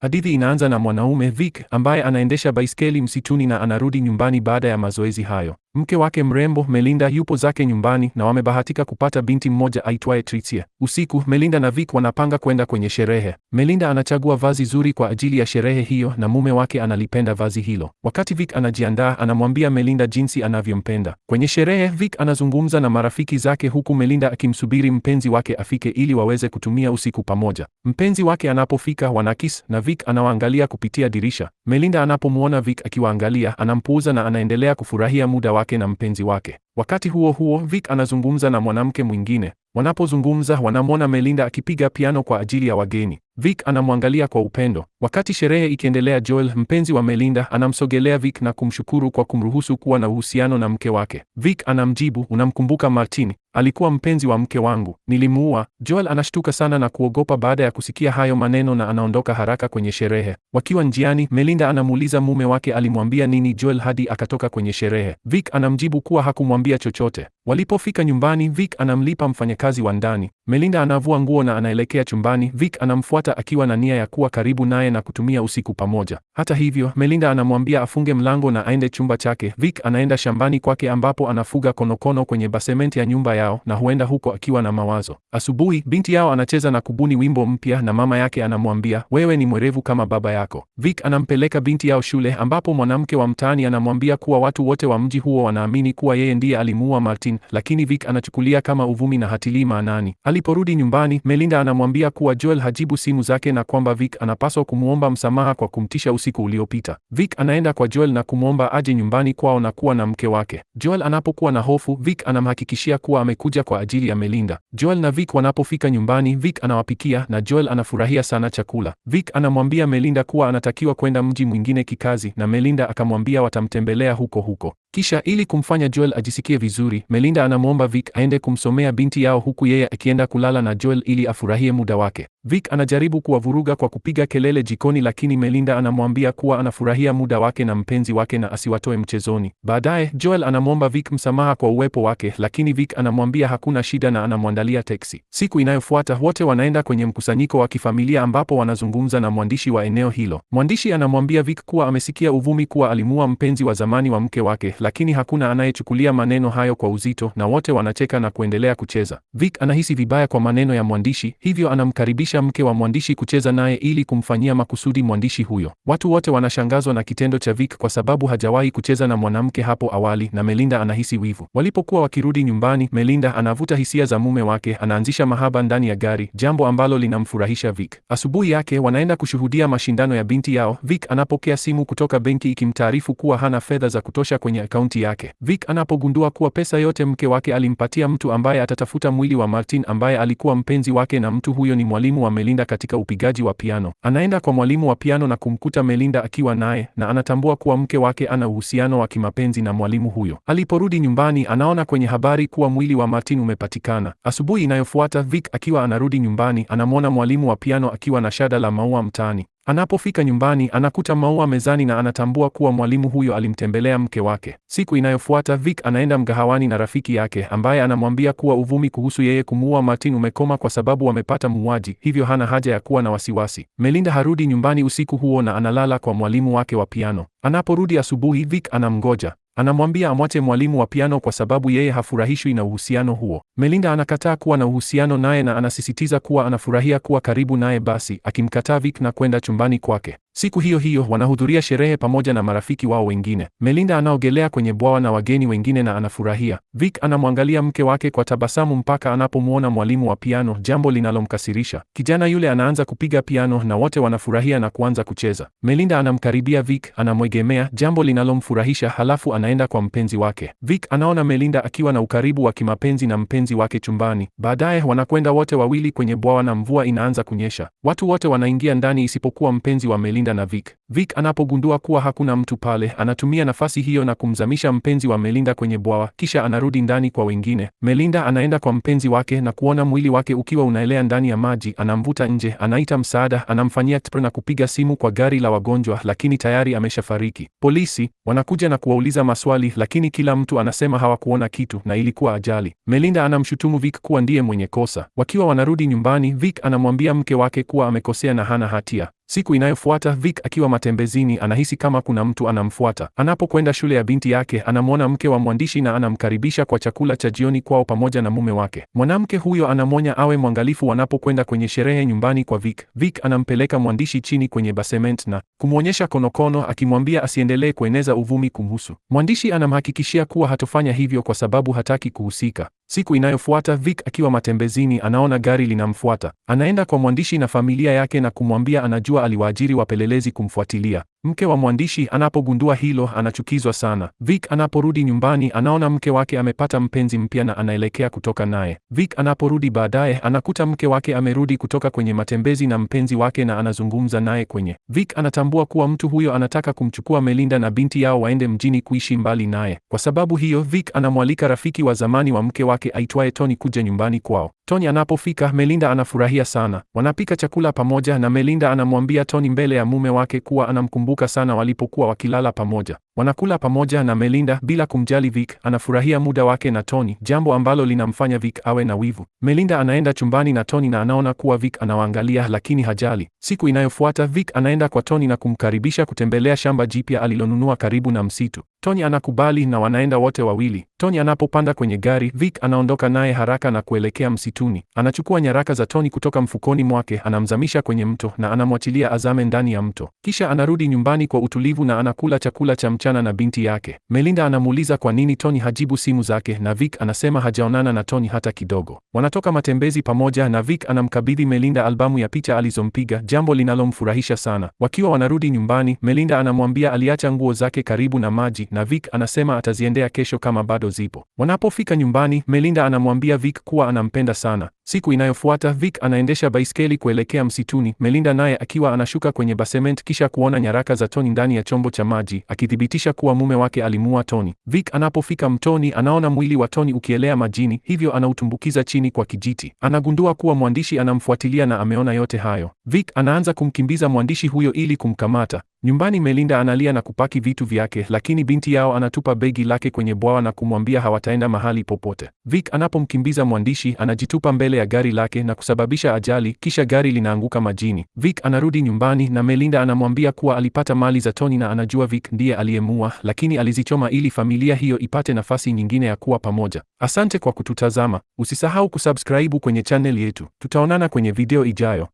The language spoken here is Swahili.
Hadithi inaanza na mwanaume Vic ambaye anaendesha baiskeli msituni na anarudi nyumbani baada ya mazoezi hayo. Mke wake mrembo Melinda yupo zake nyumbani na wamebahatika kupata binti mmoja aitwaye Tricia. Usiku, Melinda na Vic wanapanga kwenda kwenye sherehe. Melinda anachagua vazi zuri kwa ajili ya sherehe hiyo na mume wake analipenda vazi hilo. Wakati Vic anajiandaa, anamwambia Melinda jinsi anavyompenda. Kwenye sherehe, Vic anazungumza na marafiki zake huku Melinda akimsubiri mpenzi wake afike ili waweze kutumia usiku pamoja. Mpenzi wake anapofika, wanakis na Vic anawaangalia kupitia dirisha. Melinda anapomwona Vic akiwaangalia, anampuuza na anaendelea kufurahia muda wake wake na mpenzi wake. Wakati huo huo, Vic anazungumza na mwanamke mwingine. Wanapozungumza, wanamwona Melinda akipiga piano kwa ajili ya wageni. Vic anamwangalia kwa upendo. Wakati sherehe ikiendelea, Joel, mpenzi wa Melinda, anamsogelea Vic na kumshukuru kwa kumruhusu kuwa na uhusiano na mke wake. Vic anamjibu, unamkumbuka Martin? Alikuwa mpenzi wa mke wangu, nilimuua. Joel anashtuka sana na kuogopa baada ya kusikia hayo maneno na anaondoka haraka kwenye sherehe. Wakiwa njiani, Melinda anamuuliza mume wake alimwambia nini Joel hadi akatoka kwenye sherehe. Vic anamjibu kuwa hakumwambia kumwambia chochote. Walipofika nyumbani, Vic anamlipa mfanyakazi wa ndani. Melinda anavua nguo na anaelekea chumbani. Vic anamfuata akiwa na nia ya kuwa karibu naye na kutumia usiku pamoja. Hata hivyo, Melinda anamwambia afunge mlango na aende chumba chake. Vic anaenda shambani kwake ambapo anafuga konokono kwenye basementi ya nyumba yao na huenda huko akiwa na mawazo. Asubuhi, binti yao anacheza na kubuni wimbo mpya na mama yake anamwambia, wewe ni mwerevu kama baba yako. Vic anampeleka binti yao shule ambapo mwanamke wa mtaani anamwambia kuwa watu wote wa mji huo wanaamini kuwa yeye ndiye alimuua Martin Jane, lakini Vic anachukulia kama uvumi na hatilii maanani. Aliporudi nyumbani, Melinda anamwambia kuwa Joel hajibu simu zake na kwamba Vic anapaswa kumwomba msamaha kwa kumtisha usiku uliopita. Vic anaenda kwa Joel na kumwomba aje nyumbani kwao na kuwa na mke wake. Joel anapokuwa na hofu, Vic anamhakikishia kuwa amekuja kwa ajili ya Melinda. Joel na Vic wanapofika nyumbani, Vic anawapikia na Joel anafurahia sana chakula. Vic anamwambia Melinda kuwa anatakiwa kwenda mji mwingine kikazi na Melinda akamwambia watamtembelea huko huko. Kisha ili kumfanya Joel ajisikie vizuri, Melinda anamwomba Vic aende kumsomea binti yao huku yeye akienda kulala na Joel ili afurahie muda wake. Vic anajaribu kuwavuruga kwa kupiga kelele jikoni lakini Melinda anamwambia kuwa anafurahia muda wake na mpenzi wake na asiwatoe mchezoni. Baadaye, Joel anamwomba Vic msamaha kwa uwepo wake lakini Vic anamwambia hakuna shida na anamwandalia teksi. Siku inayofuata wote wanaenda kwenye mkusanyiko wa kifamilia ambapo wanazungumza na mwandishi wa eneo hilo. Mwandishi anamwambia Vic kuwa amesikia uvumi kuwa alimua mpenzi wa zamani wa mke wake lakini hakuna anayechukulia maneno hayo kwa uzito na wote wanacheka na kuendelea kucheza. Vic anahisi vibaya kwa maneno ya mwandishi, hivyo anamkaribisha kumlazimisha mke wa mwandishi kucheza naye ili kumfanyia makusudi mwandishi huyo. Watu wote wanashangazwa na kitendo cha Vic kwa sababu hajawahi kucheza na mwanamke hapo awali na Melinda anahisi wivu. Walipokuwa wakirudi nyumbani, Melinda anavuta hisia za mume wake, anaanzisha mahaba ndani ya gari, jambo ambalo linamfurahisha Vic. Asubuhi yake wanaenda kushuhudia mashindano ya binti yao. Vic anapokea simu kutoka benki ikimtaarifu kuwa hana fedha za kutosha kwenye akaunti yake. Vic anapogundua kuwa pesa yote mke wake alimpatia mtu ambaye atatafuta mwili wa Martin ambaye alikuwa mpenzi wake na mtu huyo ni mwalimu wa Melinda katika upigaji wa piano. Anaenda kwa mwalimu wa piano na kumkuta Melinda akiwa naye na anatambua kuwa mke wake ana uhusiano wa kimapenzi na mwalimu huyo. Aliporudi nyumbani, anaona kwenye habari kuwa mwili wa Martin umepatikana. Asubuhi inayofuata, Vic akiwa anarudi nyumbani, anamwona mwalimu wa piano akiwa na shada la maua mtaani. Anapofika nyumbani anakuta maua mezani na anatambua kuwa mwalimu huyo alimtembelea mke wake. Siku inayofuata Vic anaenda mgahawani na rafiki yake ambaye anamwambia kuwa uvumi kuhusu yeye kumuua Martin umekoma kwa sababu wamepata muuaji, hivyo hana haja ya kuwa na wasiwasi. Melinda harudi nyumbani usiku huo na analala kwa mwalimu wake wa piano. Anaporudi asubuhi Vic anamgoja. Anamwambia amwache mwalimu wa piano kwa sababu yeye hafurahishwi na uhusiano huo. Melinda anakataa kuwa na uhusiano naye na anasisitiza kuwa anafurahia kuwa karibu naye basi, akimkataa Vic na kwenda chumbani kwake. Siku hiyo hiyo wanahudhuria sherehe pamoja na marafiki wao wengine. Melinda anaogelea kwenye bwawa na wageni wengine na anafurahia. Vic anamwangalia mke wake kwa tabasamu mpaka anapomwona mwalimu wa piano, jambo linalomkasirisha. Kijana yule anaanza kupiga piano na wote wanafurahia na kuanza kucheza. Melinda anamkaribia Vic, anamwegemea, jambo linalomfurahisha halafu anaenda kwa mpenzi wake. Vic anaona Melinda akiwa na ukaribu wa kimapenzi na mpenzi wake chumbani. Baadaye wanakwenda wote wawili kwenye bwawa na mvua inaanza kunyesha. Watu wote wanaingia ndani isipokuwa mpenzi wa Melinda kushinda na Vic. Vic anapogundua kuwa hakuna mtu pale, anatumia nafasi hiyo na kumzamisha mpenzi wa Melinda kwenye bwawa, kisha anarudi ndani kwa wengine. Melinda anaenda kwa mpenzi wake na kuona mwili wake ukiwa unaelea ndani ya maji, anamvuta nje, anaita msaada, anamfanyia TPR na kupiga simu kwa gari la wagonjwa, lakini tayari ameshafariki. Polisi wanakuja na kuwauliza maswali, lakini kila mtu anasema hawakuona kitu na ilikuwa ajali. Melinda anamshutumu Vic kuwa ndiye mwenye kosa. Wakiwa wanarudi nyumbani, Vic anamwambia mke wake kuwa amekosea na hana hatia. Siku inayofuata Vic akiwa matembezini anahisi kama kuna mtu anamfuata. Anapokwenda shule ya binti yake, anamwona mke wa mwandishi na anamkaribisha kwa chakula cha jioni kwao pamoja na mume wake. Mwanamke huyo anamwonya awe mwangalifu wanapokwenda kwenye sherehe nyumbani kwa Vic. Vic anampeleka mwandishi chini kwenye basement na kumwonyesha konokono akimwambia asiendelee kueneza uvumi kumhusu. Mwandishi anamhakikishia kuwa hatofanya hivyo kwa sababu hataki kuhusika. Siku inayofuata Vic akiwa matembezini anaona gari linamfuata. Anaenda kwa mwandishi na familia yake na kumwambia anajua aliwaajiri wapelelezi kumfuatilia. Mke wa mwandishi anapogundua hilo anachukizwa sana. Vic anaporudi nyumbani anaona mke wake amepata mpenzi mpya na anaelekea kutoka naye. Vic anaporudi baadaye anakuta mke wake amerudi kutoka kwenye matembezi na mpenzi wake na anazungumza naye kwenye. Vic anatambua kuwa mtu huyo anataka kumchukua Melinda na binti yao waende mjini kuishi mbali naye. Kwa sababu hiyo, Vic anamwalika rafiki wa zamani wa mke wake aitwaye Tony kuja nyumbani kwao. Tony anapofika, Melinda anafurahia sana. Wanapika chakula pamoja na Melinda anamwambia Tony mbele ya mume wake kuwa anamkumbuka sana walipokuwa wakilala pamoja. Wanakula pamoja na Melinda bila kumjali Vic, anafurahia muda wake na Tony, jambo ambalo linamfanya Vic awe na wivu. Melinda anaenda chumbani na Tony na anaona kuwa Vic anawaangalia lakini hajali. Siku inayofuata Vic anaenda kwa Tony na kumkaribisha kutembelea shamba jipya alilonunua karibu na msitu. Tony anakubali na wanaenda wote wawili. Tony anapopanda kwenye gari, Vic anaondoka naye haraka na kuelekea msituni. Anachukua nyaraka za Tony kutoka mfukoni mwake, anamzamisha kwenye mto na anamwachilia azame ndani ya mto. Kisha anarudi nyumbani kwa utulivu na anakula chakula cha mchana na binti yake. Melinda anamuuliza kwa nini Tony hajibu simu zake na Vic anasema hajaonana na Tony hata kidogo. Wanatoka matembezi pamoja na Vic anamkabidhi Melinda albamu ya picha alizompiga, jambo linalomfurahisha sana. Wakiwa wanarudi nyumbani, Melinda anamwambia aliacha nguo zake karibu na maji na Vic anasema ataziendea kesho kama bado zipo. Wanapofika nyumbani, Melinda anamwambia Vic kuwa anampenda sana. Siku inayofuata, Vic anaendesha baiskeli kuelekea msituni, Melinda naye akiwa anashuka kwenye basement kisha kuona nyaraka za Tony ndani ya chombo cha maji, akithibitisha kuwa mume wake alimuua Tony. Vic anapofika mtoni, anaona mwili wa Tony ukielea majini, hivyo anautumbukiza chini kwa kijiti. Anagundua kuwa mwandishi anamfuatilia na ameona yote hayo. Vic anaanza kumkimbiza mwandishi huyo ili kumkamata. Nyumbani Melinda analia na kupaki vitu vyake, lakini binti yao anatupa begi lake kwenye bwawa na kumwambia hawataenda mahali popote. Vic anapomkimbiza mwandishi, anajitupa mbele ya gari lake na kusababisha ajali, kisha gari linaanguka majini. Vic anarudi nyumbani na Melinda anamwambia kuwa alipata mali za Tony na anajua Vic ndiye aliyemua, lakini alizichoma ili familia hiyo ipate nafasi nyingine ya kuwa pamoja. Asante kwa kututazama. Usisahau kusubscribe kwenye channel yetu. Tutaonana kwenye video ijayo.